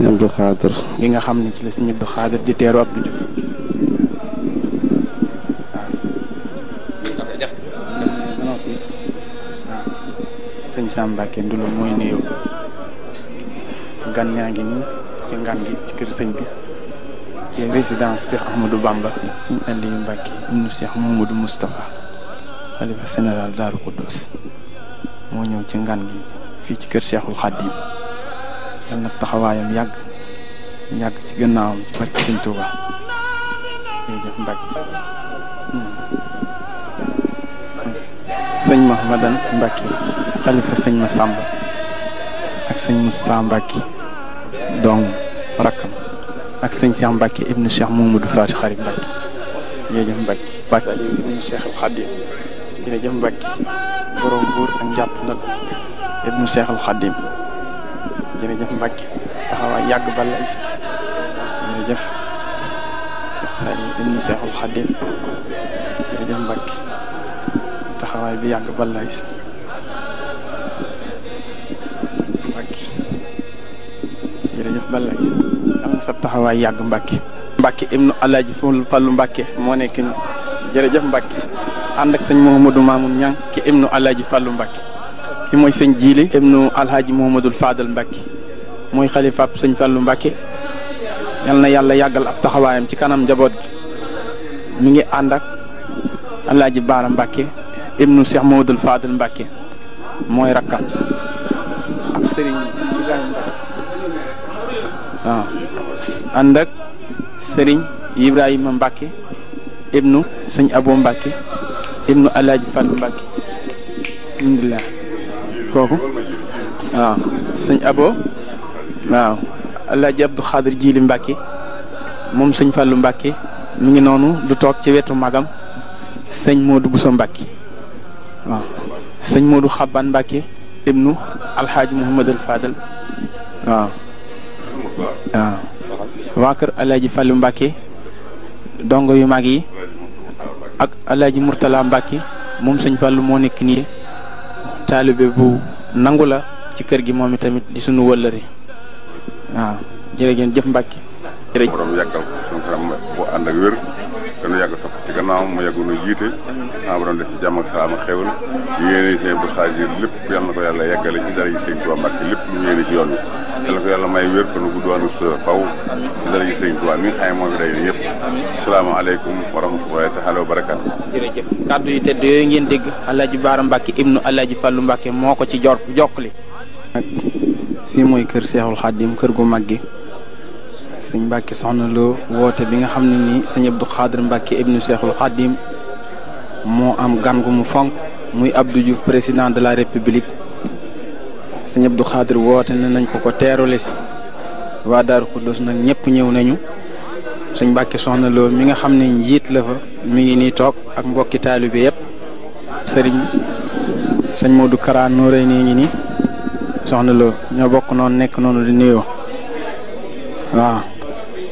sëñ Abdou li nga xam ne ci la sëñ Abdou Khader di teeru Abdou Diouf. waaw. sëñ Sam Mbacké Ndoulo mooy néew. gan ñaa ngi nii ci ngan gi ci kër sëñ bi. ci résidence Cheikh Ahmadou Bamba. sëñ Aliou Mbacké ibnu Cheikh Mamadou Moustapha. xalifa général Daaru Khoudoss. moo ñëw ci ngan gi fii ci kër Cheikhul Khadim. yal na taxawaayam yàgg yàgg ci gannaawam ci barke Sëñ Tuuba jërëjëf Mbacke sëñ Mahmadan Mbacke xalifa sëñ Masamba ak sëñ Moussa Mbacke doom rakkam ak sëñ Cheikh Mbacke ibnu Cheikh Mamadou Faty Khary Mbacke jërëjëf Mbacke Mbacke Aliou ibnu Cheikh al buur ak njàpp nag ibnu Cheikh al jërëjëf Mbacke taxawaay yàgg bala is jërëjëf Cheikh Sali ibnu Cheikhul taxawaay bi yàgg bala is Mbacke jërëjëf bala is am na sa taxawaay yàgg Mbacke Mbacke ibnu Alaaji Fallu Mbacke moo nekk ni jërëjëf Mbacke ànd ak sëñ Mouhamadou Mamoun Niang ki ibnu Alaaji Fallu Mbacke ki mooy sëñ Jiili ibnu Alhaaji Mouhamadul Fadal Mbacke mooy xalifaab sëñ Fallou Mbacke yal na yàlla yàggal ab taxawaayam ci kanam njaboot gi mi ngi ànd ak alaaji Baara Mbacke ibnu Cheikh Mamadou Fadel mooy rakkam sëriñ Ibrahima sëriñ Ibrahima Mbacke ibnu sëñ Abo Mbacke ibnu alaaji Fallou Mbacke kooku waaw sëñ Abo waaw Alaaji Abdou Xaadir Jiili Mbàkke moom sëñ Fàllu Mbàkke mu ngi noonu du toog ci wetu magam sëñ Moodu Buso Mbàkke waaw sëñ Moodu Xabbaan Mbàkke ibnu Alxaaji Muhammadul Fadal waaw waaw waa kër Alaaji Fàllu Mbàkke dongo yu mag yi ak Alaaji Murtala Mbàkke moom sëñ Fàllu moo nekk nii taalibe bu nangu la ci kër gi moom i tamit di sunu wëllëri waaw jërë ngeen jëf Mbacke. jërëjëf borom yàggal ko suñu kanam bu ànd yàgg topp ci gannaaw mu yàgg nu jiite sama borom def ci jàmm ak salaam ak xéwal yéene seen bu na ko yàlla yeggale ci dara yi sëñ Tuubaa Mbacke lépp lu yéene ci yoon na ko yàlla may wér fan gudd wàllu sa faw ci dara yi sëñ Tuubaa mi nga xam ne moo fi day ne yëpp asalaamaaleykum wa rahmatullahi taala wa barakaatu jërëjëf kàddu yu tedd yooyu ngeen dégg Alaaji Baara Mbacke ibnu Alaaji Fallu Mbacke moo ko ci jor jokkali fii mooy kër Seexul Xaadim kër gu mag gi sëñ mbàkki soxna loo woote bi nga xam ne nii sëñ Abdou Xaadir Mbàkke ibnu Seexul Xaadim moo am gan gu mu fonk muy Abdou Diouf président de la république sëñ Abdou Xaadir woote ne nañ ko ko teerule si waa Daaru Xuddoos nag ñëpp ñëw nañu sëñ Mbàkke soxna loo mi nga xam ne njiit la fa mi ngi nii toog ak mbokki taalibe yépp sëriñ sëñ Modou Kara Nooré nii ngi nii soxna Lo ñoo bokk noonu nekk noonu di nuyoo waaw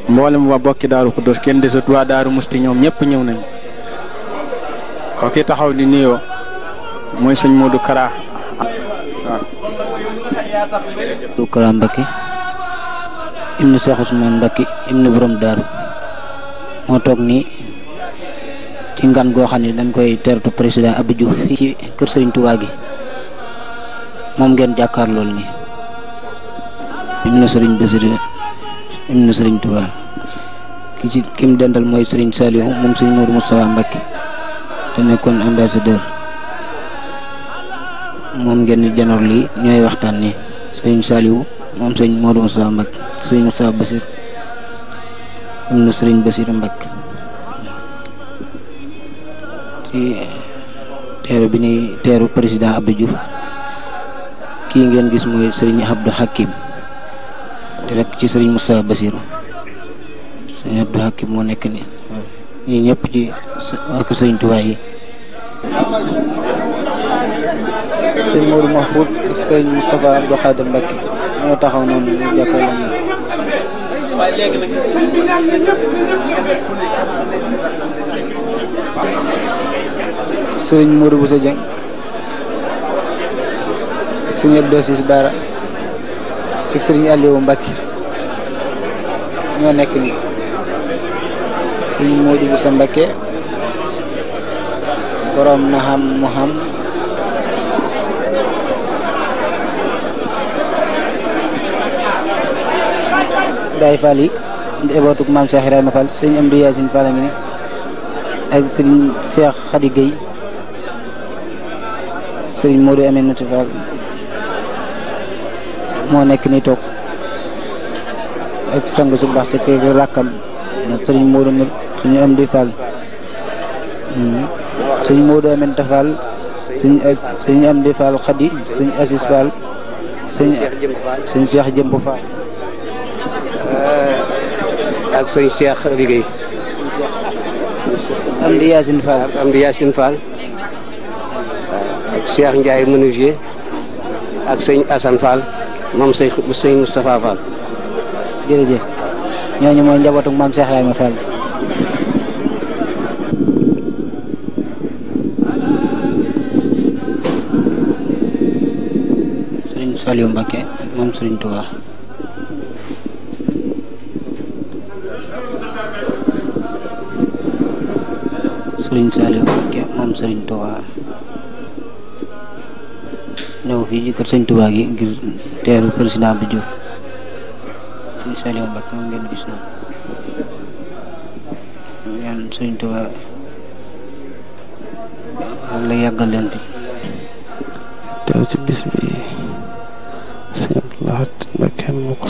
mboolem waa bokki daaru Xuddoos kenn desut waa daaru musti ñoom ñëpp ñëw nañ ko ki taxaw di nuyoo mooy sëñ Modou Kara waaw. Modou Kara Mbacke ibnu Cheikh Ousmane Mbacke ibnu borom daaru moo toog nii ci ngan goo xam ne dañ koy tertu président Abdou Diouf ci kër Serigne Touba gi. moom ngeen jàkkaar lool ni im na sëriñ Basiru im na sëriñ Tuba ki ci kim dendal mooy sëriñ Saliou moom sëriñ Mourou Moustapha Mbacké te nekkoon ambassadeur moom ngeen janoor lii ñooy waxtaan ni sëriñ Saliou moom sëriñ Mourou Moustapha Mbacké sëriñ Moustapha Basir im na sëriñ Basiru Mbacké ci teeru bi ñuy teeru président Abdou kii ngeen gis mooy sëriñ Abdou Hakim di rek ci sëriñ Moussa Basirou sëriñ Abdou Hakim moo nekk nii ñii ñëpp ci ak sëriñ Tuubaa yi sëñ Modou Mahfouz sëriñ Moustapha Abdou Khadir Mbacké taxaw noonu ñu jàkkal sëriñ Abdou Assis Baara ak sëriñ Aliou ñoo nekk nii sëriñ Modou Boussa Mbacke borom na xam mu xam Baay Fall yi di ebootuk maam Cheikh Ibrahima Fall ngi ne ak sëriñ Cheikh Khady Gueye sëriñ Modou Aminata moo nekk nii ak sang su baax si kër rakkam sëriñ Modou suñu am di Fall mm, am di Fall Khady suñu Assis Fall suñu suñu Cheikh Jëmb Fall euh, ak suñu Cheikh Liggéey am di Yacine Fall am di Yacine Fall ak ak sëñ Assane Fall moom sëñ sëñ Moustapha Fall. jërëjëf ñooñu mooy njabootu maam Cheikh Ibrahima Fall. sëriñ Saliou Mbacké moom sëriñ Touba. sëriñ Saliou fii ci kër sëñ gi ngir. teeru président bi Diouf suñu Saliou Mbacké moom ngeen gis noonu ñaan suñ Tuubaa walla yàggal bi teew ci bis bi sëñ Abdou Lahad Mbacké moo ko